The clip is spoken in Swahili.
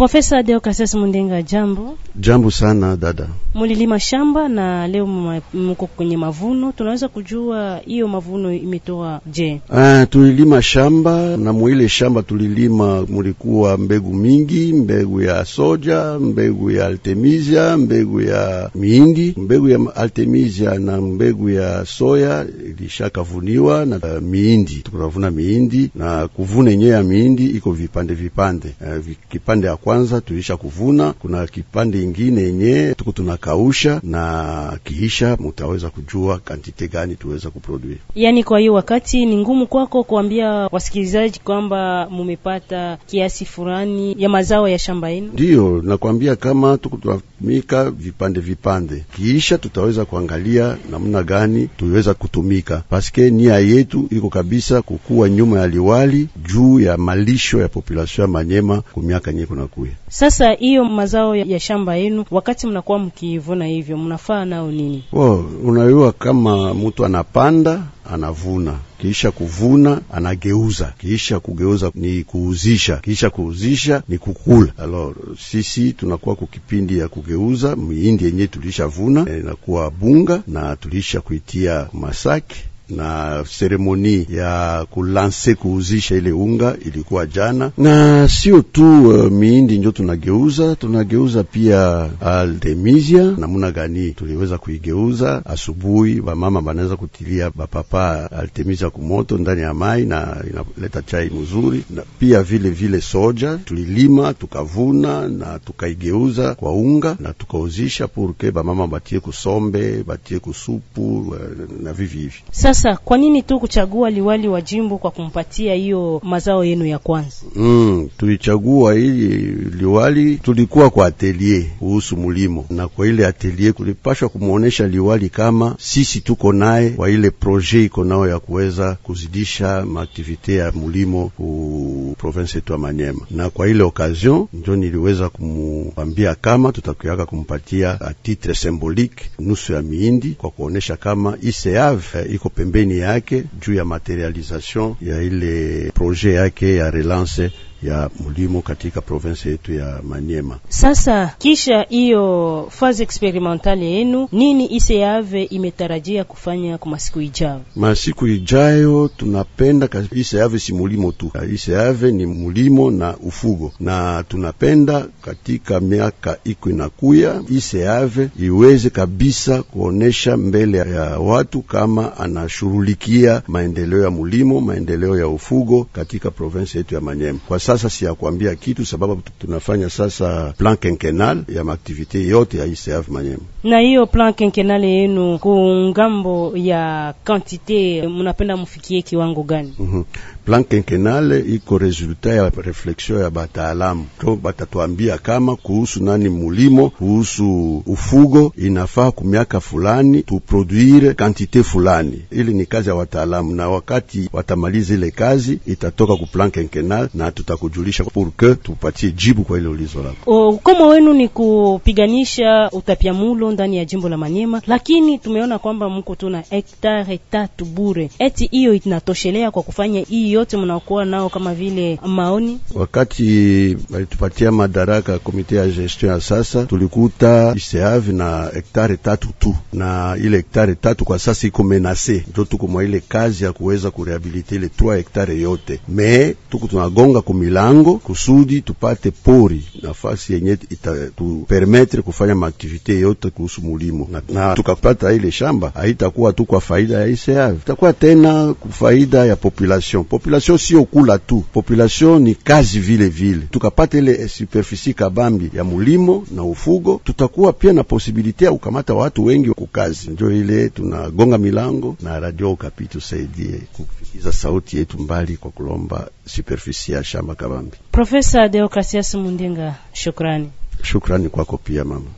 Profesa Deo Kasese Mundenga, jambo. Jambo sana dada. Mulilima shamba na leo mko kwenye mavuno, tunaweza kujua hiyo mavuno imetoa je? Ah, tulilima shamba na mwile shamba tulilima, mulikuwa mbegu mingi, mbegu ya soja, mbegu ya altemisia, mbegu ya mihindi. Mbegu ya altemisia na mbegu ya soya ilishakavuniwa na uh, mihindi tukavuna mihindi na kuvuna yenyewe ya mihindi iko vipande vipande, uh, kipande ya kwanza tulisha kuvuna, kuna kipande ingine yenye tuko tunakausha, na kiisha mutaweza kujua kantite gani tuweza kuproduire. Yani, kwa hiyo wakati ni ngumu kwako kuambia wasikilizaji kwamba mumepata kiasi fulani ya mazao ya shamba yenu? Ndiyo, nakwambia kama tuko tunatumika vipande vipande, kiisha tutaweza kuangalia namna gani tuweza kutumika, paske nia yetu iko kabisa kukuwa nyuma ya liwali juu ya malisho ya population ya Manyema kwa miaka nyingi kunaku kuya. Sasa hiyo mazao ya shamba yenu, wakati mnakuwa mkivuna hivyo, mnafaa nao nini? Oh, unaiwa kama mtu anapanda anavuna kisha kuvuna anageuza, kisha kugeuza ni kuuzisha, kisha kuuzisha ni kukula. Alors sisi tunakuwa ku kipindi ya kugeuza mihindi yenye tulishavuna eh, inakuwa bunga na tulisha kuitia masaki na seremoni ya kulanse kuuzisha ile unga ilikuwa jana, na sio tu uh, miindi njo tunageuza, tunageuza pia uh, aldemisia. Namuna gani tuliweza kuigeuza? Asubuhi bamama banaweza kutilia bapapa artemisia kumoto ndani ya mai na inaleta chai mzuri, na pia vile vile soja tulilima tukavuna na tukaigeuza kwa unga na tukauzisha purke bamama batie kusombe batie kusupu uh, na vivi hivi sasa sasa kwa nini tu kuchagua liwali wa jimbo kwa kumpatia hiyo mazao yenu ya kwanza? Mm, tulichagua ili liwali, tulikuwa kwa atelier kuhusu mulimo, na kwa ile atelier tulipashwa kumwonesha liwali kama sisi tuko naye kwa ile projet iko nao ya kuweza kuzidisha maaktivite ya mulimo ku province yetu ya Manyema, na kwa ile occasion ndio niliweza kumwambia kama tutakuyaka kumpatia atitre titre symbolique nusu ya miindi kwa kuonesha kama iseave eh, iko pembeni pembeni yake matérialisation, il y a projets projet yake à relancer ya mlimo katika province yetu ya Maniema. Sasa kisha hiyo fase experimentale yenu, nini iseave imetarajia kufanya kwa masiku ijayo? Masiku ijayo tunapenda iseave si mulimo tu, iseave ni mulimo na ufugo, na tunapenda katika miaka iko inakuya iseave iweze kabisa kuonesha mbele ya watu kama anashughulikia maendeleo ya mulimo, maendeleo ya ufugo katika province yetu ya Maniema kwa sasa kuambia kitu sababu tunafanya sasa plan kenkenal ya maaktivite yote ya ICF e Manyema. Na hiyo plan kenkenal yenu kungambo ya kantite munapenda mufikie kiwango gani? mm -hmm. Plan kenkenal iko resultat ya reflexion ya bataalamu to batatwambia kama kuhusu nani mulimo kuhusu ufugo inafaa kumiaka fulani tuproduire kantite fulani. Ili ni kazi ya wataalamu, na wakati watamaliza ile kazi itatoka ku plan kenkenal na tuta kujulisha pour que tupatie jibu kwa ile ulizo lako. Oh, kama wenu ni kupiganisha utapiamulo ndani ya jimbo la Manyema, lakini tumeona kwamba mko na hektare tatu bure, eti hiyo inatoshelea kwa kufanya hii yote mnaokuwa nao kama vile maoni. Wakati walitupatia madaraka komite ya gestion ya sasa, tulikuta iseave na hektare tatu tu, na ile hektare tatu kwa sasa iko menase, ndio tuko mwa ile kazi ya kuweza kurehabilite ile 3 hektare yote, me tuko tunagonga kumi milango kusudi tupate pori nafasi yenye itatupermetre kufanya maaktivite yote kuhusu mulimo na, na tukapata ile shamba haitakuwa tu kwa faida ya ICAV, itakuwa tena kufaida faida ya population. Population sio kula tu, population ni kazi vile vile. Tukapata ile superficie kabambi ya mulimo na ufugo, tutakuwa pia na posibilite ya kukamata watu wengi kukazi. Ndio ile tunagonga milango na Radio Okapi tusaidie kusikiza sauti yetu mbali kwa kulomba superfisi ya shamba kabambi. Profesa Deokasias Mundinga, shukrani. Shukrani kwako pia mama.